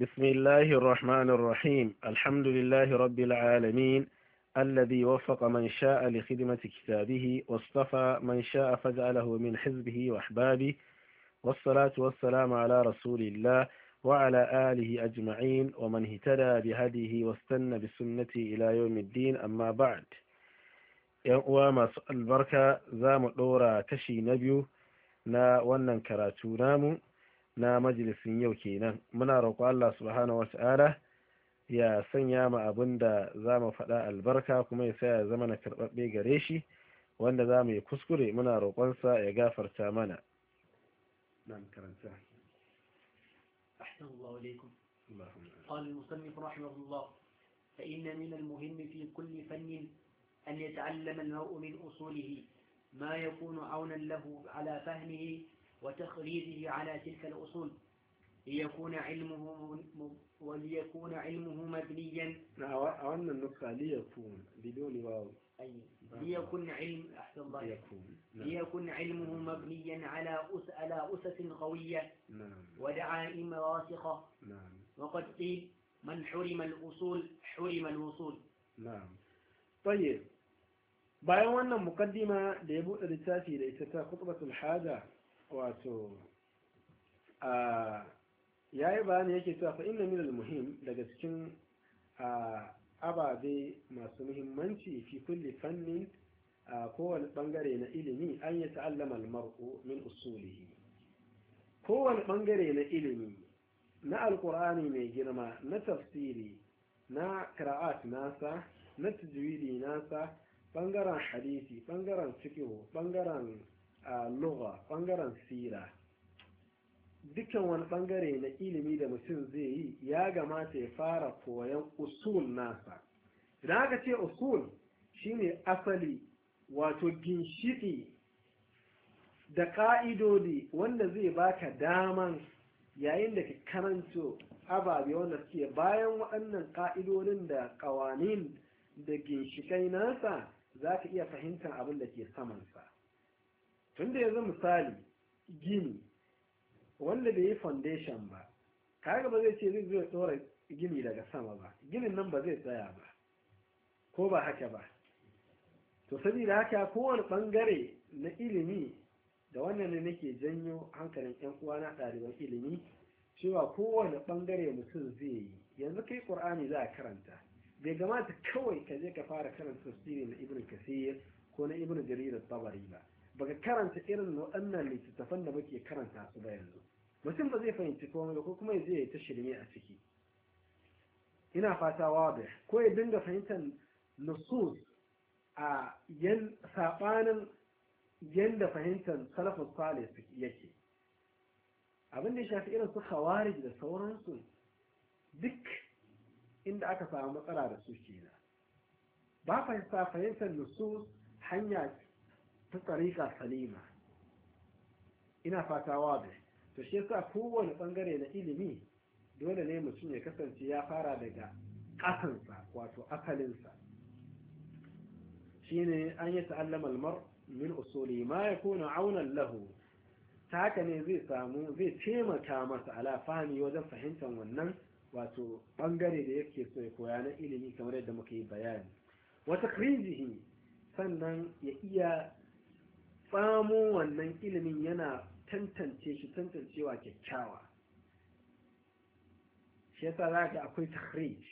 بسم الله الرحمن الرحيم الحمد لله رب العالمين الذي وفق من شاء لخدمة كتابه واصطفى من شاء فجعله من حزبه وأحبابه والصلاة والسلام على رسول الله وعلى آله أجمعين ومن اهتدى بهديه واستنى بسنته إلى يوم الدين أما بعد وما البركة زام الدورة تشي نبيو نا ونن كراتو نامو na majalisin yau kenan muna roƙo Allah subhanahu wata'ala ya sanya mu abin da za mu faɗa albarka kuma ya saya zama na karɓaɓɓe gare shi wanda za mu yi kuskure muna roƙonsa ya gafarta mana nan karanta أحسن الله إليكم قال المصنف رحمه الله فإن من المهم في كل فن أن يتعلم المرء من أصوله ما يكون عونا له على فهمه وتخليده على تلك الأصول ليكون علمه وليكون علمه مبنيا أن النقطة ليكون بدون واو أي ليكن علم أحسن الله ليكون, نعم. ليكن علمه مبنيا على أس على أسس قوية نعم ودعائم راسخة نعم وقد قيل من حرم الأصول حرم الوصول نعم طيب bayan wannan mukaddima da ya buɗe littafi da ita ta wato ya yi bayani yake cewa fa inna minal muhim daga cikin ababe masu muhimmanci fi kulli fannin a kowane bangare na ilimi an yi ta'allama mar'u min usulihi kowane bangare na ilimi na alkur'ani mai girma na tafsiri na qira'at nasa na tajwidi nasa bangaren hadisi bangaren fiqh bangaren a lura ɓangaren sira dukkan wani ɓangare na ilimi da mutum zai yi ya gamata ya fara koyon usul nasa idan aka ce usul shine asali wato ginshiɗi da ƙa'idodi wanda zai baka daman yayin da ka karanto ababe wanda suke bayan waɗannan ƙa'idodin da ƙawanin da ginshiƙai nasa za ka iya fahimtar abin da ke samansa tun da yanzu misali gini wanda bai yi foundation ba kaga ba zai ce zai zo ya tsora gini daga sama ba ginin nan ba zai tsaya ba ko ba haka ba to saboda haka kowane bangare na ilimi da wannan ne nake janyo hankalin yan uwa na ɗaliban ilimi cewa kowane bangare mutum zai yi yanzu kai ƙur'ani za a karanta bai gamata kawai ka je ka fara karanta tafsiri na ibn kasir ko na ibn jarir tabari ba baka karanta irin waɗannan littattafan da muke karanta su ba yanzu mutum ba zai fahimci komai ba ko kuma ya je ta shirme a ciki ina fata wabe ko ya dinga fahimtar nusus a yan sabanin yanda fahimtar salafus salih yake abin da ya shafi irin su khawarij da sauransu duk inda aka samu matsala da su kenan ba fahimta fahimtar nusus hanya ta tsarika salima ina fata wadu to shi yasa kowane ɓangare na ilimi dole ne mutum ya kasance ya fara daga ƙasansa wato asalinsa shine an yi ta'allama almar min usuli ma ya kuna aunan lahu ta haka ne zai samu zai taimaka masa ala fahimi wajen fahimtar wannan wato bangare da yake so ya koya na ilimi kamar yadda muka yi bayani wata krizihi sannan ya iya tsamo wannan ilimin yana tantance shi tantancewa kyakkyawa shi yasa za ka akwai tahrij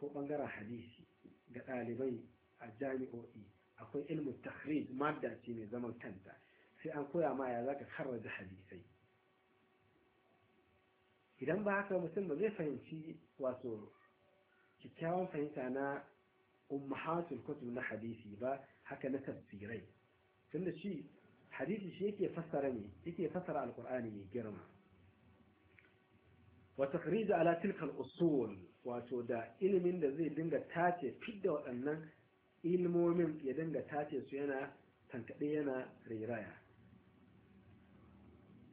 ko bangaren hadisi ga ɗalibai a jami'o'i akwai ilmin tahrij madda ce mai zaman kanta sai an koya ma ya za ka karraja hadisai idan ba haka mutum ba zai fahimci wato kyakkyawan fahimta na ummahatul kotu na hadisi ba haka na tafsirai tunda shi hadisi shi yake fassara ne yake fassara alkur'ani mai girma wa takhrij ala tilka al-usul wato da ilimin da zai dinga tace fidda waɗannan ilmomin ya dinga tace su yana tankaɗe yana riraya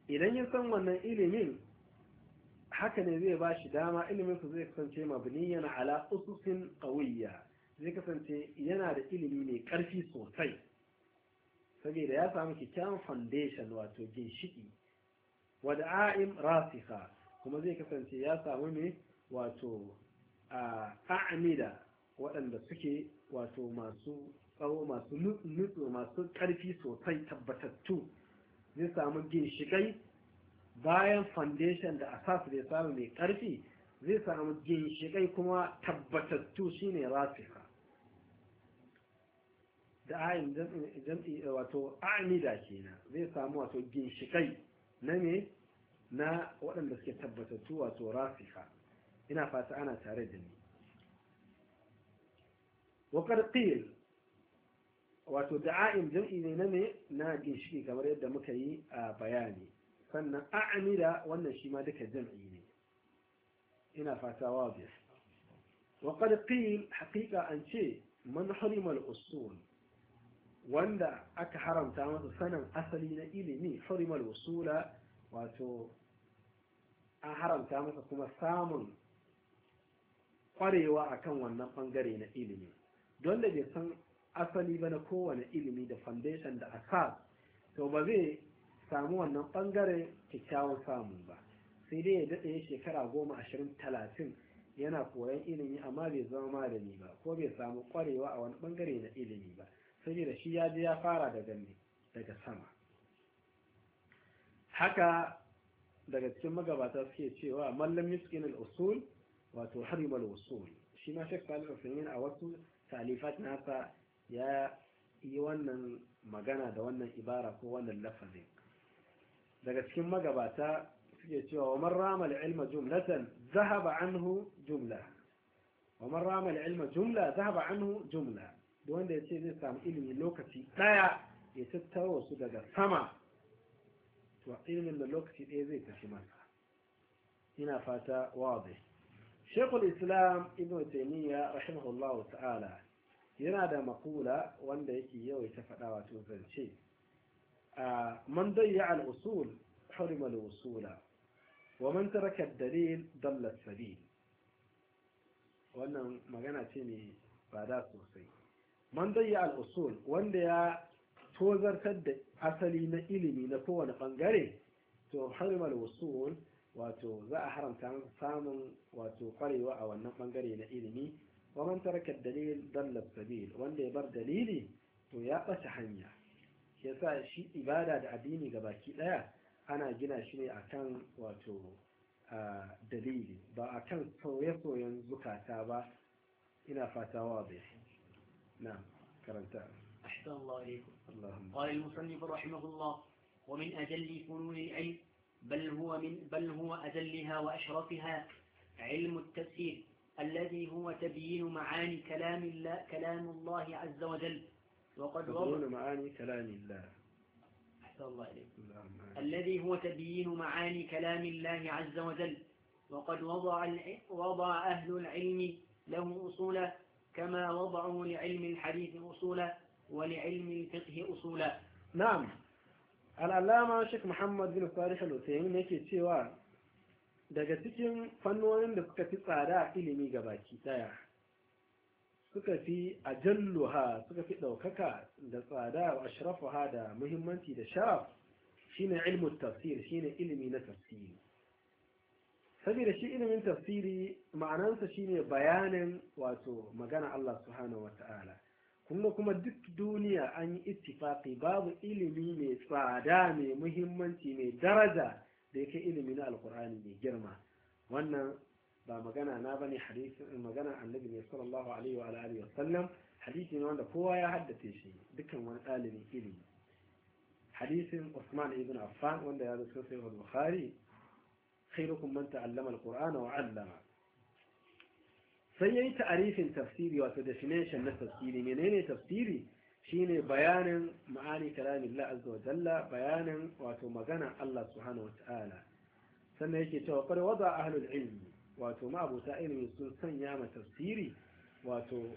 idan ya san wannan ilimin haka ne zai ba shi dama ilimin su zai kasance mabniyan ala ususin qawiyya zai kasance yana da ilimi mai ƙarfi sosai saboda ya samu kyakkyawan foundation wato ginshiki wada'a'im rasikha kuma zai kasance ya samu ne wato a'amida waɗanda suke wato masu tsawo masu nutsu masu ƙarfi sosai tabbatattu zai samu ginshikai bayan foundation da asas zai samu mai ƙarfi zai samu ginshikai kuma tabbatattu shine rasika da ayin jam'i wato amida kenan zai samu wato ginshikai na ne na waɗanda suke tabbatattu wato rafika ina fata ana tare da ni waƙar qil wato da'a'im jam'i ne na ne na ginshiki kamar yadda muka yi a bayani sannan a'amida wannan shi ma duka jam'i ne ina fata wabi وقد قيل حقيقة an ce man حرم usul wanda aka haramta masa sanin asali na ilimi hurimal wasula wato an haramta masa kuma samun kwarewa akan wannan bangare na ilimi don da bai san asali ba na kowane ilimi da foundation da asas to ba zai samu wannan bangare kyakkyawan samu ba sai dai ya daɗe shekara goma ashirin talatin yana koyon ilimi amma bai zama malami ba ko bai samu kwarewa a wani bangare na ilimi ba saboda shi ya ji ya fara daga ne daga sama haka daga cikin magabata suke cewa mallam miskin al-usul wato harim al-usul shi ma shek al a wasu talifat nasa ya yi wannan magana da wannan ibara ko wannan lafazin daga cikin magabata suke cewa wa man rama al-ilma jumlatan zahaba anhu jumla wa man rama al-ilma jumla zahaba anhu jumla wanda ya ce zai samu ilimi lokaci ɗaya ya tattara wasu daga sama to ilimin da lokaci ɗaya zai tafi masa ina fata wazi shekul islam ibn taimiyya rahimahullahu ta'ala yana da makula wanda yake yawaita faɗa wato zance a man dayya al-usul hurima al-usula wa man taraka dalil dalla as-sabil wannan magana ce ba da sosai man ya al-usul wanda ya tozartar da asali na ilimi na kowane bangare to harima al-usul wato za a haramta masa samun wato kwarewa a wannan bangare na ilimi wa man taraka dalil dalla sabil wanda ya bar dalili to ya ɓata hanya yasa shi ibada da addini ga baki ɗaya ana gina shi ne akan wato dalili ba akan sauye-sauyen zukata ba ina fatawa bai نعم كرمتها أحسن الله إليكم اللهم قال المصنف رحمه الله ومن أجل فنون العلم بل هو من بل هو أجلها وأشرفها علم التفسير الذي هو تبيين معاني كلام الله كلام الله عز وجل وقد تبيين معاني كلام الله أحسن الله إليك الذي هو تبيين معاني كلام الله عز وجل وقد وضع وضع أهل العلم له أصولا كما وضعوا لعلم الحديث أصولا ولعلم الفقه أصولا نعم الألامة شيخ محمد بن صالح الوثيم نكي تيوا دقا تيكين فنوان لكك في صادا إلمي قباكي تايا أجلها سكا لو دوكك دا صادا وأشرف هذا مهمتي دا شرف شين علم التفسير شين إلمي نتفسير saboda shi ilimin tafsiri ma'anansa shine bayanin wato magana Allah subhanahu wata'ala kuma kuma duk duniya an yi ittifaqi babu ilimi mai tsada mai muhimmanci mai daraja da yake ilimi na alkur'ani mai girma wannan ba magana na bane hadisi magana annabi ne sallallahu alaihi wa alihi wa sallam hadisi ne wanda kowa ya haddace shi dukkan wani ɗalibin ilimi hadisin Usman ibn Affan wanda ya zo sai Bukhari khairukum man ta'allama alqur'ana wa 'allama sai yayi ta'arifin tafsiri wato definition na tafsiri menene tafsiri shine bayanin ma'ani kalamillah azza wa jalla bayanin wato magana Allah subhanahu wata'ala sannan yake cewa qad wada ahlul ilmi wato ma'abuta ilmi sun sanya ma tafsiri wato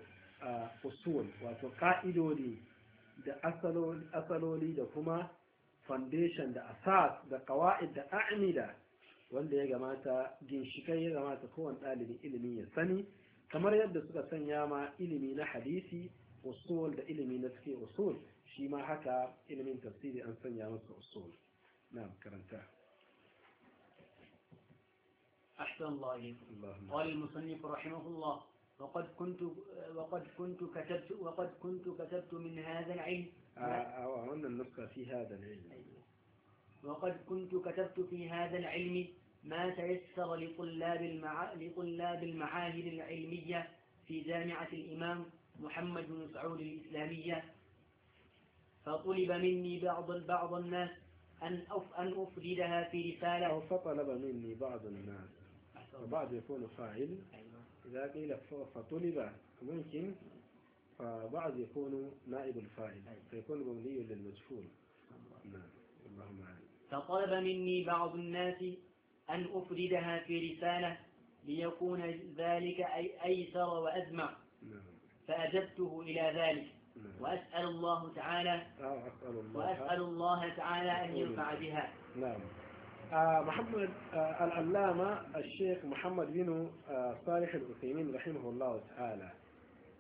usul wato ƙa'idodi da asaloli da kuma foundation da asas da qawaid da a'mida wanda ya gamata ginshikai ya gamata kowane ɗalibin ilimi ya sani kamar yadda suka sanya ma ilimi na hadisi usul da ilimi na suke usul shi ma haka ilimin tafsiri an sanya masa usul na karanta أحسن الله إليكم قال المصنف رحمه الله وقد كنت وقد كنت كتبت وقد كنت كتبت من هذا العلم أو أن النسخة في هذا العلم وقد كنت كتبت في هذا العلم ما تيسر لطلاب, المع... لطلاب المعاهد العلمية في جامعة الإمام محمد بن سعود الإسلامية فطلب مني بعض بعض الناس أن أف... أن أفردها في رسالة أو فطلب مني بعض الناس بعض يكون فاعل أيوة. إذا قيل فطلب ممكن فبعض يكون نائب الفاعل أيوة. فيكون مبني للمجهول نعم اللهم أعلم فطلب مني بعض الناس أن أفردها في رسالة ليكون ذلك أي أيسر وأزمع نعم. فأجبته إلى ذلك نعم. وأسأل الله تعالى آه، وأسأل الله تعالى أن ينفع بها نعم آه محمد آه العلامة الشيخ محمد بن آه صالح العثيمين رحمه الله تعالى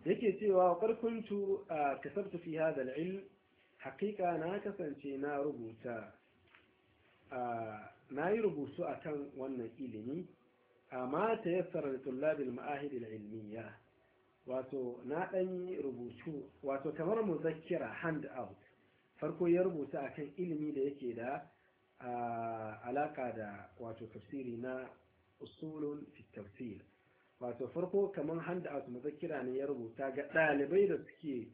yake cewa كنت kuntu آه، كسبت في هذا العلم حقيقة haqiqa na نار بوتا na yi rubutu akan wannan ilimi amma ta yassara da tullabin ma'ahidin ilmiya wato na ɗan rubutu wato kamar mu zakira hand out farko ya rubuta akan ilimi da yake da alaƙa da wato tafsiri na usulun fi tafsir wato farko kamar hand out mazakira ne ya rubuta ga ɗalibai da suke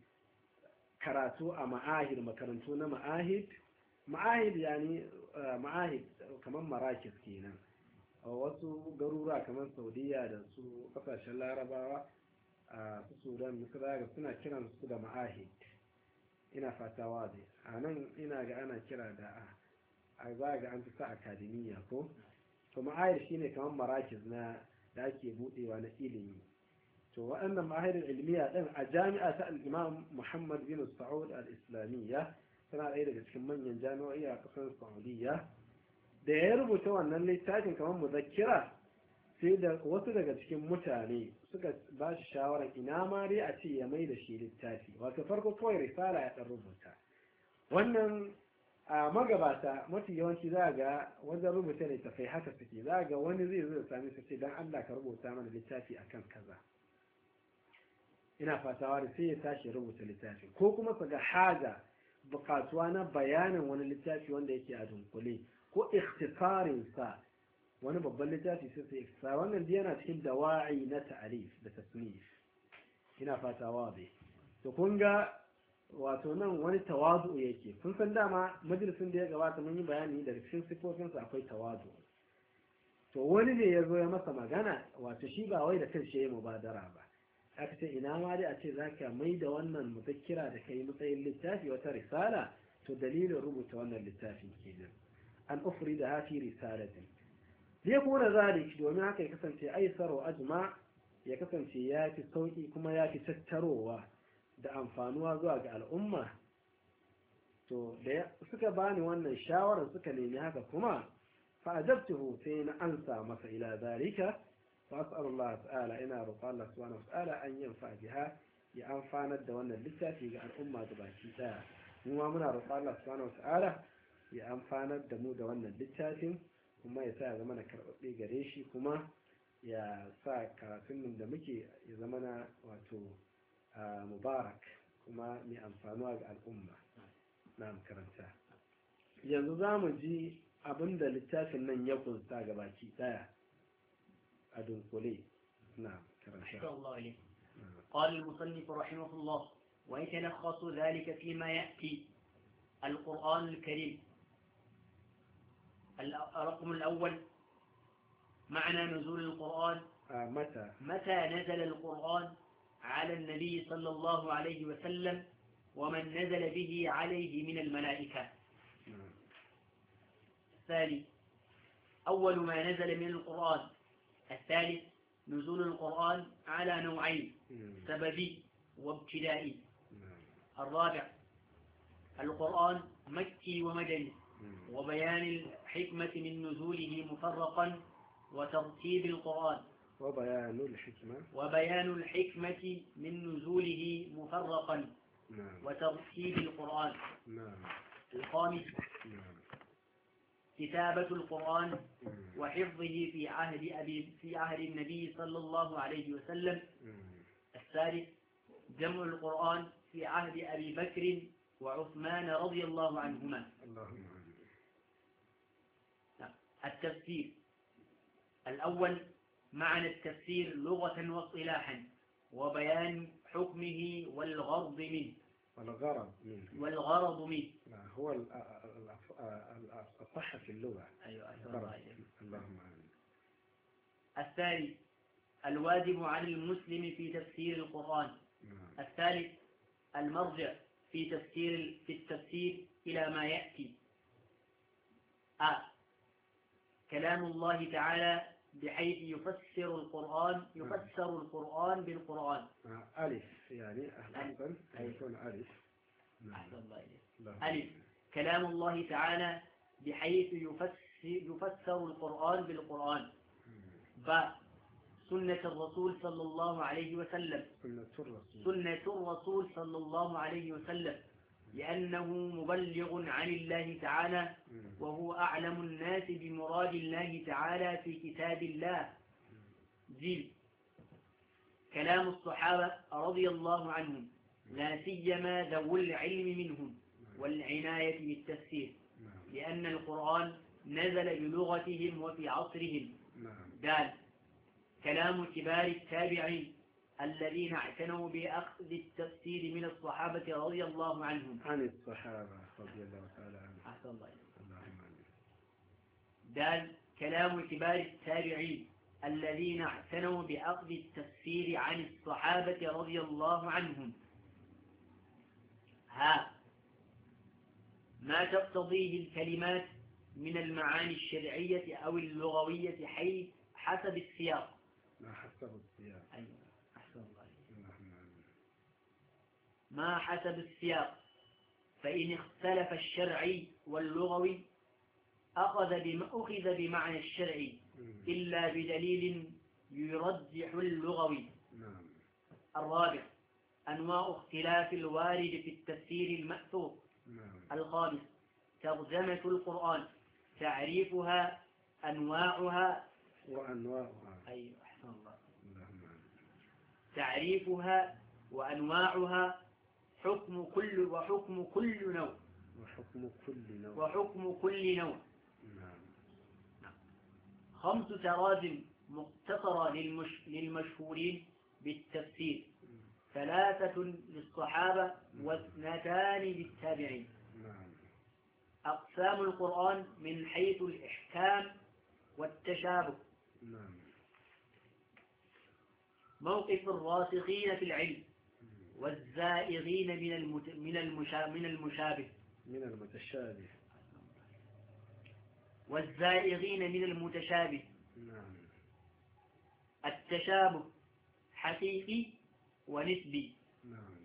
karatu a ma'ahid makarantu na ma'ahid ma'ahid yani Eh, ma'ahid kamar marakis kenan a wasu garura kamar saudiya da su kasashen larabawa a su sudan misra suna kiran su da ma'ahid ina fata wazi a nan ina ga ana kira da a za ga an fi akademiya ko to ma'ahid shine kamar marakis na da ake budewa na ilimi to waɗannan ma'ahidin ilmiya din a jami'a ta al muhammad bin sa'ud al-islamiyya tana ɗaya daga cikin manyan jami'o'i a ƙasar saudiya da ya rubuta wannan littafin kamar muzakkira sai da wasu daga cikin mutane suka ba shi shawarar ina ma dai a ce ya mai da shi littafi wato farko kawai risala ya ɗan rubuta wannan a magabata mafi yawanci za ga wajen rubuta littafai haka suke za ga wani zai zo da sami su ce don allah ka rubuta mana littafi akan kaza ina fatawa da sai ya tashi rubuta littafi, ko kuma su ga haja bukatuwa na bayanin wani littafi wanda yake a dunkule ko sa wani babban littafi sai sai ikhtisar wannan yana cikin dawa'i na ta'arif da tasnif ina fata wabe to kun ga wato nan wani tawazu yake kun san dama majalisun da ya gabata mun yi bayani da cikin sa akwai tawazu to wani ne ya zo ya masa magana wato shi ba wai da kan shi ya mubadara ba aka ce ina ma dai a ce za ka mai da wannan muzakkira da kayi matsayin littafi wata risala to dalilin rubuta wannan littafin kenan an ufri da hafi risalatin zai kura zalik domin haka ya kasance aisaro ajma ya kasance ya fi sauki kuma ya fi tattarowa da amfanuwa zuwa ga al'umma to da suka bani wannan shawarar suka nemi haka kuma fa'adabtuhu sai na ansa masa ila zalika فأسأل الله تعالى إنا رقى الله سبحانه وتعالى أن ينفع بها يا أنفعنا دوانا للتافي عن أمة دباكي تا مما منا da الله سبحانه وتعالى يا kuma ya sa ya zama na karɓaɓɓe gare shi kuma ya sa karatun da muke ya zama na wato mubarak kuma mai amfanuwa ga al'umma na makaranta yanzu za mu ji abinda littafin nan ya kunsa ga baki ɗaya أدنقلي نعم أحسن الله إليك نعم. قال المصنف رحمه الله ويتلخص ذلك فيما يأتي القرآن الكريم الرقم الأول معنى نزول القرآن آه، متى متى نزل القرآن على النبي صلى الله عليه وسلم ومن نزل به عليه من الملائكة نعم. الثاني أول ما نزل من القرآن الثالث نزول القرآن على نوعين سببي وابتدائي الرابع القرآن مكي ومدني وبيان الحكمة من نزوله مفرقا وترتيب القرآن وبيان الحكمة وبيان الحكمة من نزوله مفرقا نعم. وترتيب القرآن نعم. الخامس نعم. كتابة القرآن وحفظه في عهد أبي في عهد النبي صلى الله عليه وسلم الثالث جمع القرآن في عهد أبي بكر وعثمان رضي الله عنهما نعم. التفسير الأول معنى التفسير لغة واصطلاحا وبيان حكمه والغرض منه والغرض منه والغرض منه هو الصحة في اللغة أيوة, أيوة، اللهم آمين الثاني الواجب على المسلم في تفسير القرآن نعم. الثالث المرجع في تفسير في التفسير إلى ما يأتي أ آه. كلام الله تعالى بحيث يفسر القرآن نعم. يفسر القرآن بالقرآن ألف يعني أحسن أن يكون ألف نعم. أحسن الله ألف كلام الله تعالى بحيث يفسر, يفسر القرآن بالقرآن ب سنة الرسول صلى الله عليه وسلم سنة الرسول, سنة الرسول صلى الله عليه وسلم لأنه مبلغ عن الله تعالى وهو أعلم الناس بمراد الله تعالى في كتاب الله جيل كلام الصحابة رضي الله عنهم لا سيما ذوو العلم منهم والعناية بالتفسير نعم. لأن القرآن نزل بلغتهم وفي عصرهم دال نعم. كلام كبار التابعين الذين اعتنوا بأخذ التفسير من الصحابة رضي الله عنهم عن الصحابة رضي الله تعالى عنهم أحسن الله دال كلام كبار التابعين الذين اعتنوا بأخذ التفسير عن الصحابة رضي الله عنهم ها ما تقتضيه الكلمات من المعاني الشرعية أو اللغوية حيث حسب السياق ما حسب السياق أيوة أحسن الله نعم. ما حسب السياق فإن اختلف الشرعي واللغوي أخذ بما أخذ بمعنى الشرعي إلا بدليل يرجح اللغوي نعم. الرابع أنواع اختلاف الوارد في التفسير المأثور نعم. الخامس ترجمة القرآن تعريفها أنواعها وأنواعها أي أيوة، أحسن الله تعريفها وأنواعها حكم كل وحكم كل نوع وحكم كل نوع وحكم كل نوع نعم خمس تراجم مختصرة للمش... للمشهورين بالتفسير ثلاثة للصحابة واثنتان للتابعين نعم. أقسام القرآن من حيث الإحكام والتشابه نعم. موقف الراسخين في العلم والزائغين من المت... من المشابه من المتشابه والزائغين من المتشابه نعم. التشابه حقيقي ونسبي نعم.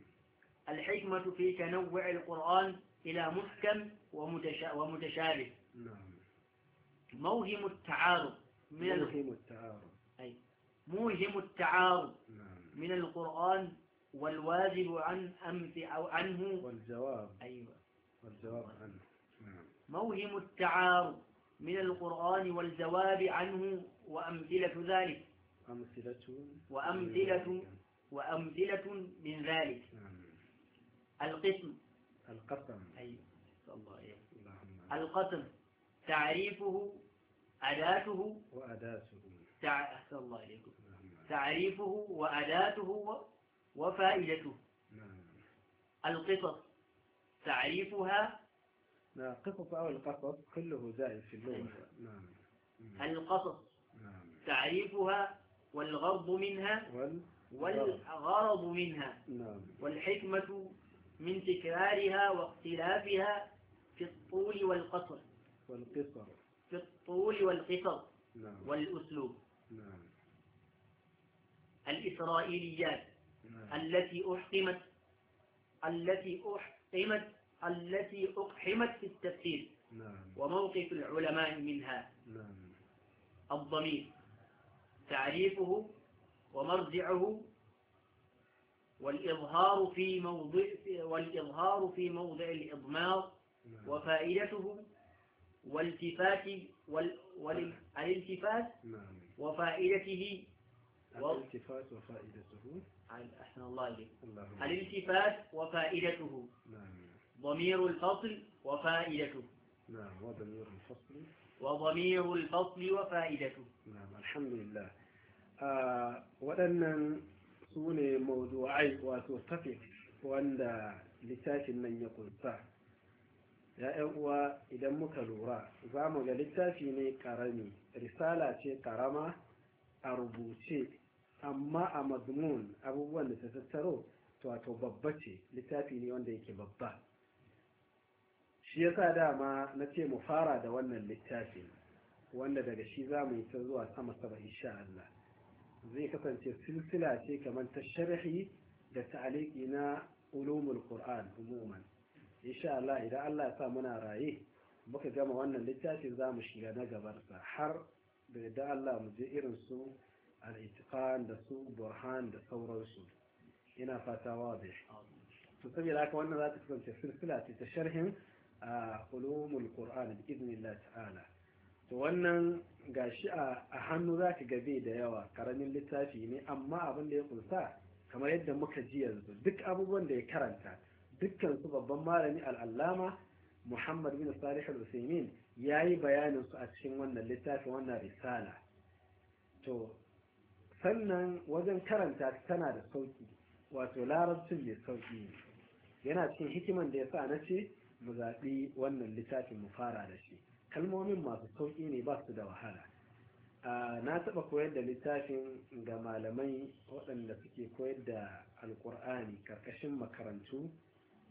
الحكمة في تنوع القرآن إلى محكم ومتشا... ومتشابه نعم. موهم التعارض من موهم التعارض أي موهم التعارض من القرآن والواجب عن أمث أو عنه والجواب أيوة والجواب عنه موهم التعارض من القرآن والجواب عنه وأمثلة ذلك أمثلة وأمثلة وأمثلة من ذلك نعم. القسم القسم أي أيوة. الله القسم تعريفه أداته وأداته تع... الله عليكم تعريفه وأداته و... وفائدته نعم. القصص تعريفها القصص قصص أو القصص كله زائد في اللغة أيوة. نعم القصص نعم. تعريفها والغرض منها وال... والغرض منها نعم. والحكمة من تكرارها واختلافها في الطول والقصر والقصر في الطول والقصر نعم. والأسلوب نعم. الإسرائيليات نعم. التي أحكمت التي أحكمت التي أقحمت في التفسير نعم. وموقف العلماء منها نعم. الضمير تعريفه ومرجعه والإظهار في موضع والإظهار في موضع الإضمار نعم. وفائدته والالتفات وال... والالتفات نعم. نعم. وفائدته الالتفات وفائدته أحسن الله إليك الالتفات وفائدته نعم ضمير الفصل وفائدته نعم وضمير الفصل وضمير الفصل وفائدته نعم الحمد لله waɗannan sune ne mawdu'ai wato topic wanda littafin nan ya ƙunsa. Ya'yan uwa idan muka lura za mu ga littafi ne ƙarami. risala ce ƙarama, a rubuce amma a mazmun abubuwan da ta tattaro wato babba ce littafi ne wanda yake babba shi yasa dama na ce mu fara da wannan littafin wanda daga shi za mu yi ta zuwa sama saba insha Allah zai kasance silsila ce kamar ta sharhi da ta'aliki na ulumul qur'an umuman insha Allah idan Allah ya sa muna raye muka gama wannan littafin za mu shiga na gabarsa har da yadda Allah mu je irin su al-itqan da su burhan da sauransu ina fata wadih to saboda haka wannan za ta kasance silsila ce ta sharhin a ulumul qur'an bi idnillah ta'ala to wannan gashi a hannu zaka ga bai da yawa karamin littafi ne amma abin da ya kunsa kamar yadda muka ji yanzu duk abubuwan da ya karanta dukkan su babban malami al'allama muhammad bin salih al-usaimin yayi bayanin su a cikin wannan littafin wannan risala to sannan wajen karanta tana da sauki wato larabcin mai sauki yana cikin hikiman da ya sa na ce mu zaɓi wannan littafin mu fara da shi kalmomin masu sauƙi ne ba su da wahala na taɓa koyar da littafin ga malamai waɗanda suke koyar da alƙur'ani ƙarƙashin makarantu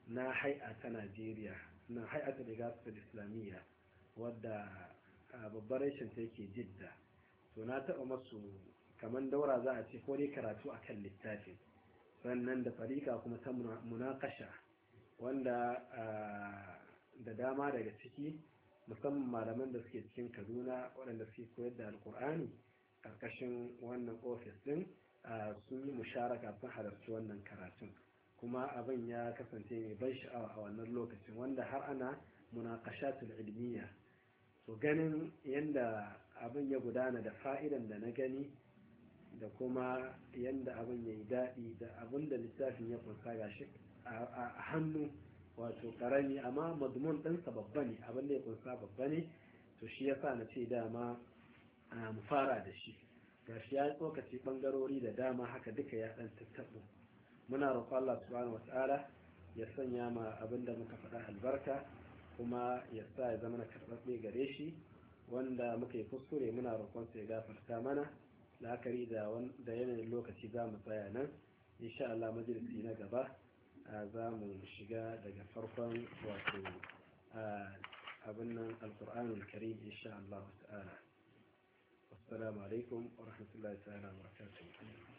na hai'a ta najeriya na hai'a ta da islamiyya wadda babbar rashin ta yake jidda to na taɓa masu kamar daura za a ce ko dai karatu akan littafin sannan da farika kuma ta munakasha wanda da dama daga ciki musamman malaman da suke cikin kaduna waɗanda suke koyar da alkur'ani ƙarƙashin wannan ofis ɗin sun yi musharaka sun halarci wannan karatun kuma abin ya kasance mai ban sha'awa a wannan lokacin wanda har ana munaqashatul ilmiya so ganin yadda abin ya gudana da fa'idan da na gani da kuma yadda abin ya yi daɗi da abin da littafin ya kunsa shi a hannu wato karami amma madmun ɗinsa babba ne abin da ya kunsa babba ne to shi ya sa na ce dama mu fara da shi gashi ya tsokaci ɓangarori da dama haka duka ya ɗan tattaɓo muna roƙo Allah subhanahu wata'ala ya sanya ma abin da muka faɗa albarka kuma ya sa ya zama na karɓaɓɓe gare shi wanda muka yi kuskure muna roƙon ya gafarta mana la'akari da yanayin lokaci za mu tsaya nan insha Allah majalisi na gaba za mu shiga daga farkon wato abin nan alkur'anul karim insha Allah ta'ala assalamu alaikum wa rahmatullahi ta'ala wa barakatuh